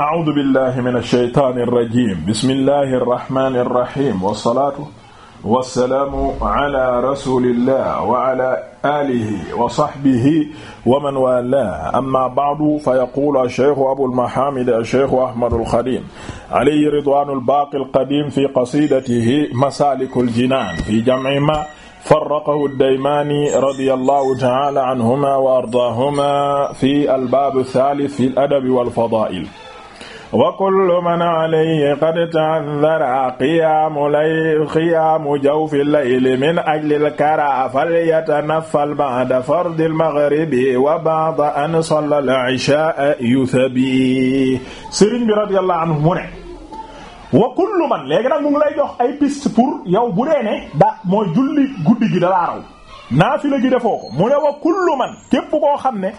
a'uudu billahi mina shaytaani rajiim bismillahi rahmaani rahiim wasalaatu wasalaamu ala rasulillah wa ala aalihi wa sahbihi wa man waalaahu amma ba'du fa yaquulu ash-shaykhu abul mahaamid ash-shaykhu ahmadul xadiim alayhi ridwaanul baaqil qadiim fi qasiidatihi masaalikul jinaan fi jam'i maa farraqahu ad-Daymaani radiyallahu ta'aala anhumaa wa ardaahuma fi al-baab ath-thaalith fi al-adab wal fadaa'il wa kullu man alayhi qad ta'azzara qiyaamu lay qiyaamu jawfi layli min ajli al-kara falyatanaffal ba'da fardi al-maghribi wa ba'da an salla al-ishaa yuthabi Sëriñ bi radiyallahu anhu mu ne wa kullu man léegi nag mu ngi lay jox ay piste pour yow bu dee ne da mooy julli guddi gi dalaa raw naafila gi defoo ko mu ne wa kullu man képp koo xam ne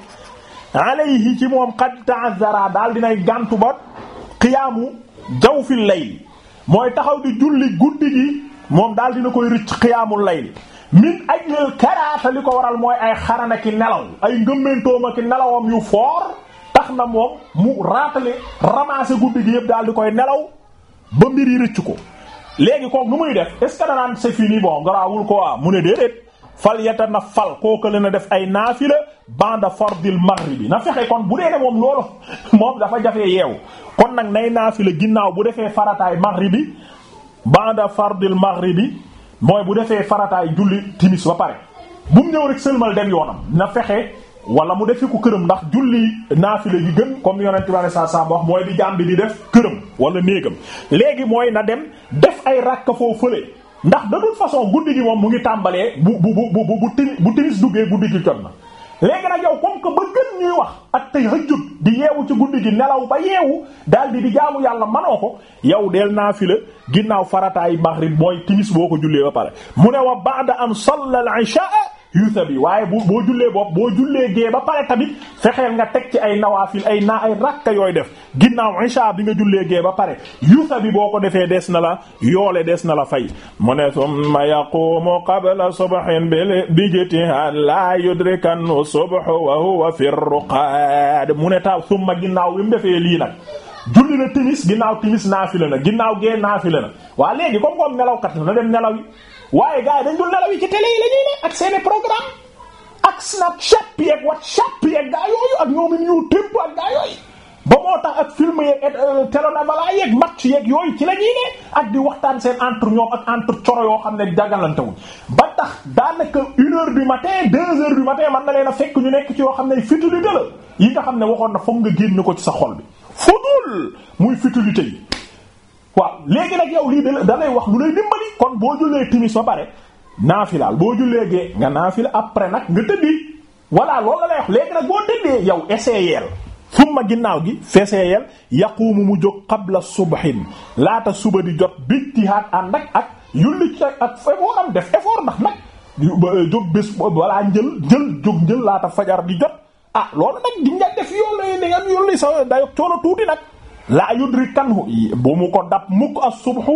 alayhi ci moom qad ta'azzara daal dinay gàntu ba xiyaamu jaw fi layl mooy taxaw di julli guddi gi moom daal dina koy rëcc xiyaamul layl min ajlil karaata li ko waral mooy ay xarana ki nelaw ay ngëmmentooma ki nelawam yu foor tax na moom mu raatale ramasser guddi gi yëpp daal di koy nelaw ba mbir yi rëcc ko léegi kook nu muy def est-ce danaan c'est fini garaawul ko waa mu ne déedéet fal yata na fal kooku na def ay naafila banda fardil maghribi na fexe kon bu dee ne moom loolu moom dafa jafee yeewu kon nag nay naafila ginnaaw bu defee farataay maghribi banda fardil maghribi mooy bu defee farataay julli timis ba pare bu mu ñëw rek sëlmal dem yoonam na fexe wala mu defi ko këram ndax julli naafile gi gën comme yonent bi sallallahu alayhi wasallam wax mooy di jaam di def këram wala néegam léegi mooy na dem def ay rakka foofu fële ndax de façon guddi gi moom mu ngi tàmbalee bu bu bu bu bu timis duggee guddi gi jot na. léegi nag yow comme que ba gën ñuy wax ak tahajjud di yeewu ci guddi gi nelaw ba yeewu daal di di jaamu yàlla manoo ko yow deel naafila ginnaaw farataay maghrib mooy timis boo ko jullee ba pare mu ne wa ba'da an salla al-isha yuusa bi waaye bu boo jullee boo boo jullee gee ba pare tamit fexeel nga teg ci ay nawaafil ay naa ay rakka yooy def ginnaaw isha bi nga jullee gee ba pare yuusa bi boo ko defee des na la yoole des na la fay mu ne summa yaqumu qabla subhin bi jtihaad la yudrikanhu subhu wa huwa fi ruqaad mu ne ta summa ginnaaw bi mu defee lii nag julli na timis ginnaaw timis naafila na ginnaaw gee naafila waa léegi comme comme nelawkat na dem nelaw waaye gars yi dañ dul nelaw yi ci télé yi la ñuy ne ak seeni programme ak Snapchat yeeg WhatsApp yeeg gaa yooyu ak ñoom YouTube ak gaa yooyu ba moo tax ak film yeeg telenovela euh, yeeg match yeeg yooyu ci la ne ak di waxtaan seen entre ñoom ak entre coro yoo xam ne dagalantewul ba tax daanaka une heure du matin deux heures du matin man na leen a fekk ñu nekk ci yoo xam ne futilité la yi nga xam ne waxoon na foog nga génn ko ci sa xol bi futul futilité yi waaw léegi kon boo jullee timis ba pare naafilaal boo jullee gee nga naafila après nag nga tëddi voilà loolu la lay wax nag boo tëddee yow essayel summa ginnaaw gi feseyel yaquumu mu jóg qabla subhin laata suba di jot bijtihaad ànd ak ak yulli ci ak fefoo am euh, laata fajar di jot ah loolu nag tuuti nag laa yudrikanhu bu mu ko dab mukk as-subhu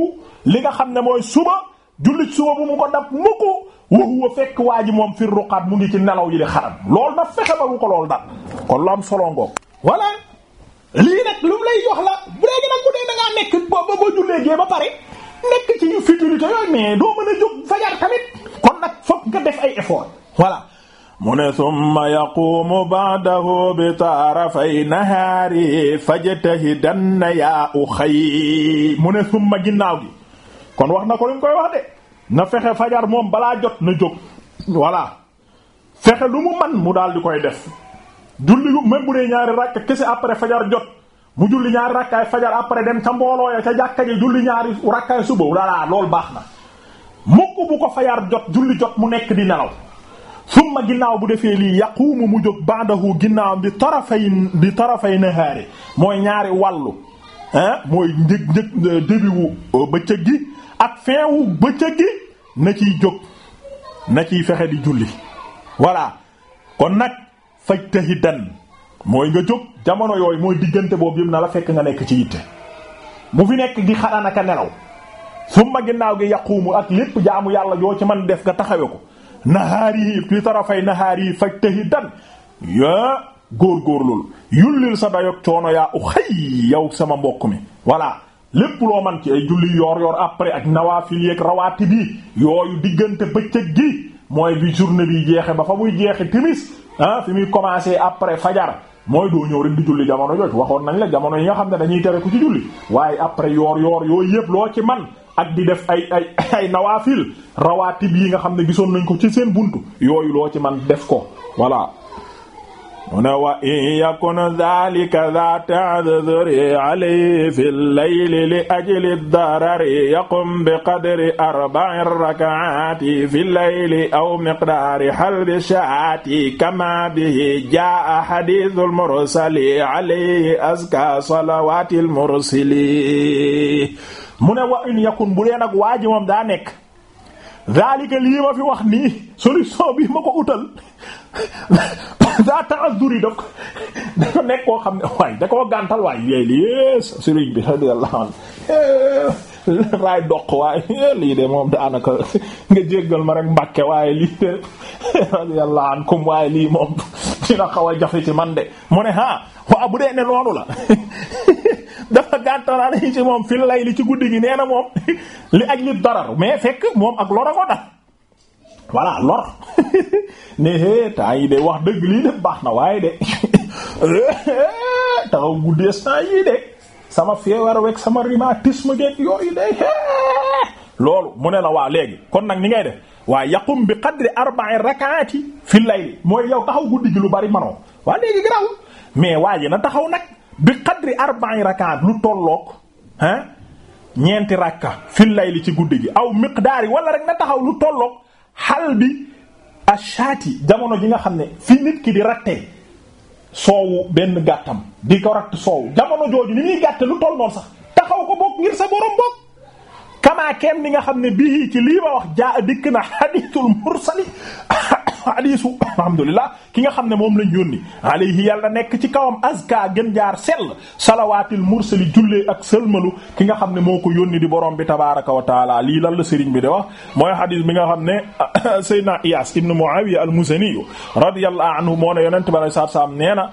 li nga xam ne mooy suba jullit suba bu mu ko dab mukk wa huwa fekk waa ji moom fi ruqaat mu ngi ci nelaw yi di lool na nag a ba bu ko loolu dab kon lu am solo lii nag lu lay jox bu léegi nag bu dee da ngaa nekk ba jullee gee ba pare nekk ci futilité yooyu mais doo mën a jóg fajar tamit kon nag fokk nga def ay effort voilà mu ne summa yaquumu ba'dahu bi taarafay nahaari fajtahidanna yaa uxay mu ne summa ginnaaw gi kon wax na ko li mu koy wax de na fexe fajar moom balaa jot na jóg voilà fexe lu mu man mu daal di koy def julli même bu dee ñaari rakk kese après fajar jot mu julli ñaari rakkaay fajar après dem ca mbooloo ya ca jàkka ji julli ñaari rakkaay suba walla loolu baax na mukk bu ko fajar jot julli jot mu nekk di nelaw summa ginnaaw bu defee lii yaquumu mu jóg ba'dahu ginnaaw bi tarafay bi tarafay nahaari mooy ñaari wàllu ah mooy njëg njëg euh, débiwu euh, bëccëg gi ak fin wu bëccëg gi na ciy jóg na ciy fexe di julli voilà kon nag fajtahidan mooy nga jóg jamono yooyu mooy diggante boobu yëpp na la fekk nga nekk ci yitte mu fi nekk di xanaan ak a nelaw summa ginnaaw gi yaquumu ak lépp jaamu yàlla yoo ci mën def nga taxawe ko fay nahaarihi li tarafay nahaarihi góor góor góorgóorlul yullil sa dayoog coono yaa u xëy yow sama mbokk mi voilà lépp loo man ci ay julli yoor yoor après ak nawaafil yeeg rawaati bi yooyu diggante bëccëg gi mooy bi journée bi jeexe ba fa muy jeexe timis ah fi muy commencé après fajar mooy doo ñëw rek di julli jamono jooju waxoon nañ la jamono yi nga xam ne dañuy tere ku ci julli waaye après yoor yoor yooyu yëpp loo ci man ak di def ay ay ay nawaafil rawaatib yi nga xam ne gisoon nañ ko ci seen buntu yooyu loo ci man def ko voilà mu ne wa in yakun dhalika dha ta'dhuri alayhi fi al-layli li ajli ad-darari yaqum bi qadri arba'i rak'ati fi al-layli aw miqdari halbi sha'ati kama bihi jaa'a hadithu al-mursali alayhi azka salawati al-mursali mu ne wa in yakun bu dee nag waa ji moom daa nekk zalika lii ma fi wax nii solution bi ma ko utal daa ta'azzuri daf ko nekk koo xam ne waay da koo gàntal waay lii doq waaye lii de moom daanaka nga jéggal ma rek mbàkke waaye lii de radiyallahu ankum waaye lii moom dina xaw a jafe ci man de mu ne ah waaw bu dee ne loolu la dafa gàttaraale ci moom fi lay li ci guddi gi nee na moom li aj li darar mais fekk moom ak lor a ko da voilà lor ne hé temps de wax dëgg lii de baax na waaye de taxaw guddee saa sama feebar wek sama rhumatisme geeg yooyu de loolu mu ne la waa léegi kon nag ni ngay def waaye yaqum bi qadri arba'i rak'ati fi layl mooy yow taxaw guddi gi lu bari manoo waa léegi garaw mais waa na taxaw nag bi qadri arba'i rakaat lu tolloog ah ñeenti rakka fil layli ci guddi gi aw miqdaari wala rek na taxaw lu tolloog xal bi ashaati jamono ji nga xam ne fi nit ki di rattee soowu benn gàttam di ko ratt soowu jamono jooju ni ñuy gàtte lu toll sax taxaw ko bokk ngir sa borom bokk kamaa kenn nga xam ne bii ci lii ma wax jaa dikk na hadithul mursali hadiisu alhamdulillah ki nga xam ne moom lañ yónni alayhi yàlla nekk ci kawam azka gën jaar sell salawaatil mursali jullee ak sëlmalu ki nga xam ne moo ko yónni di borom bi tabaaraka wa taala lii lan la sëriñ bi di wax mooy hadiis bi nga xam ne Seydina Iyaas ibn Muawiya al-Muzani radiyallahu anhu moo ne yonent bi sallallahu alayhi wasallam nee na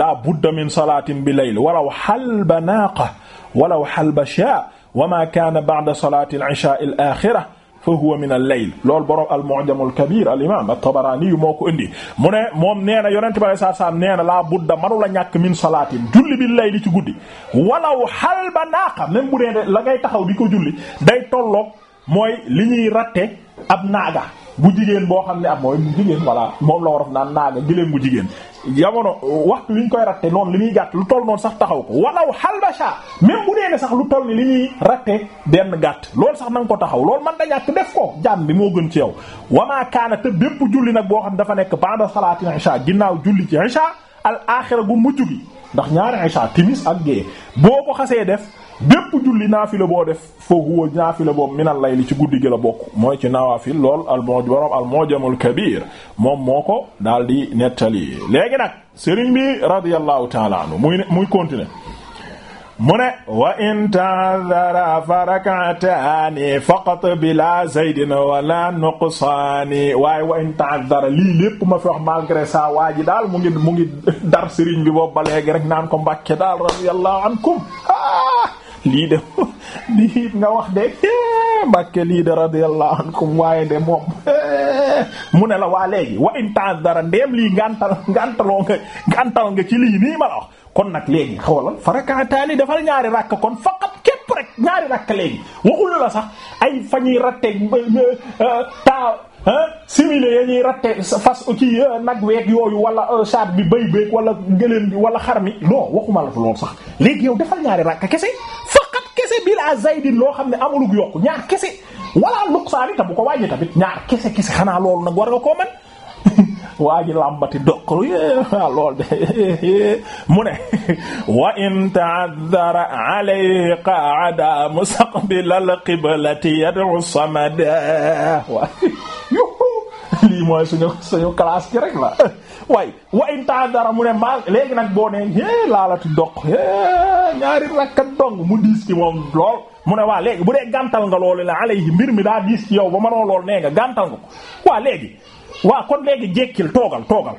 la budda min salaatin bi layl walaw halba naaqa walaw halba shaa wa ma kaana ba'da salaati al-ishaa al-aaxira fa huwa min al-layl loolu borom al-mu'jam al-kabir al-imam at-tabarani moo ko indi mu ne moom nee na yonent bi sallallahu alayhi wasallam nee na la budda manu la ñàkk min salaatin julli bi layli ci guddi walaw halba naaqa même bu dee la ngay taxaw di ko julli day tolloog mooy li ñuy ratte ab naaga bu jigéen boo xam ne am ah mooy bu jigéen voilà moom la raf naan naaga gëléem bu jigéen jamono waxtu wi ñu koy ratte noonu li muy gàtt lu toll noonu sax taxaw ko walaw xalbacha même bu dee ne sax lu toll ni li ñuy ratte benn gàtt loolu sax na ko taxaw lool man da ñàkk def ko jàmm bi moo gën ci yow wamaakaana te bépp julli nag boo xam dafa nekk ba'da salaatil isha ginnaaw julli ci isha al aaxira gu mujj gi ndax ñaari isha timis ak gée boo ko xasee def bépp julli naafila boo def foofu woo naafila boobu minal layli ci guddi gi la bokk mooy ci nawaafil lool al moo borom al moom moo ko daal di nettali léegi nag sëriñ bi radiyallahu taala anhu muy muy continuer mu ne wa in ta'dhara fa rak'ataani faqat bila zaydin wala nuqsaani waaye wa in ta'dhara lii lépp ma fi wax malgré ça waa ji daal mu ngi mu ngi dar sëriñ bi boobu ba léegi rek naan ko mbàkke daal radiyallahu ankum ah! lii de lii it nga wax de eh, Mbàkke lii de radiyallahu ankum waaye de moom eh, mu ne la waa léegi wa intange dara ndeem lii ngantal ngantaloo nga ngantal nga ci lii nii ma la wax kon nag léegi xoolal farakaataani defal ñaari rakk kon faqat képp rek ñaari rakk léegi waxul la sax ay fañuy ratte euh, ta simile ya ñuy ratte fas kii euh, nag week yooyu wala euh, saat bi bay beeg wala ngëleen bi wala xar mi non waxuma la fa loolu sax léegi yow defal ñaari rakka kese faqat kese bi la zaydin loo xam ne amulug yokku ñaar kese wala nuqsaani ta bu ko wàññi tamit ñaar kese kese xanaa loolu nag war nga koo mën waa ji làmbati doq waaw lool de mu ne wa in ta'azzara alayhi qa'ada mustaqbilal qiblati yad'u samada lii mooy suñu suñu classe ci rek la waaye mu ne maa nag boo nee é laalati doq ñaari rakkat dong mu diis moom lool mu ne waa léegi bu dee gàntal nga loolu la alayhi mbir mi daa diis yow ba mënoo lool nee nga gàntal nga waa léegi waa kon léegi jekkil toogal toogal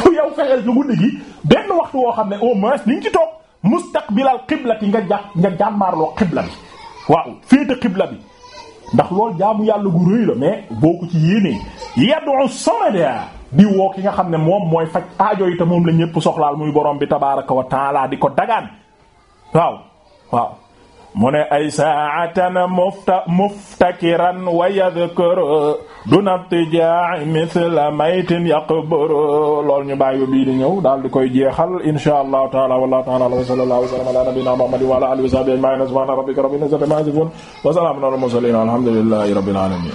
fu yow fexeel ci guddi gi benn waxtu woo xam ne au moins ni nga ci toog mustaqbilal qiblati nga jàpp nga jàmmaarloo qibla bi waaw féete qibla bi ndax lool jaamu yàlla gu rëy la mais boo ko ci yéenee yad'u samada bi woo ki nga xam ne moom mooy faj aajo yi te moom la ñëpp soxlaal muy borom bi tabaaraka wa taala di ko dagaan waaw waaw mu ne ay saatan mufta muftakiran wa yadhkuru duna tijaa'i mithla maytin yaqburu lool ñu bàyyi bii di ñëw daal di koy jeexal insha allahu taala wallahu taala wa sallallahu wa sallam ala nabina muhammadin wa ala alihi wa sahbihi ajma'in subhana rabbika rabbil izzati amma yasifun wa salamun ala al mursalin alhamdulillahi rabbil alamin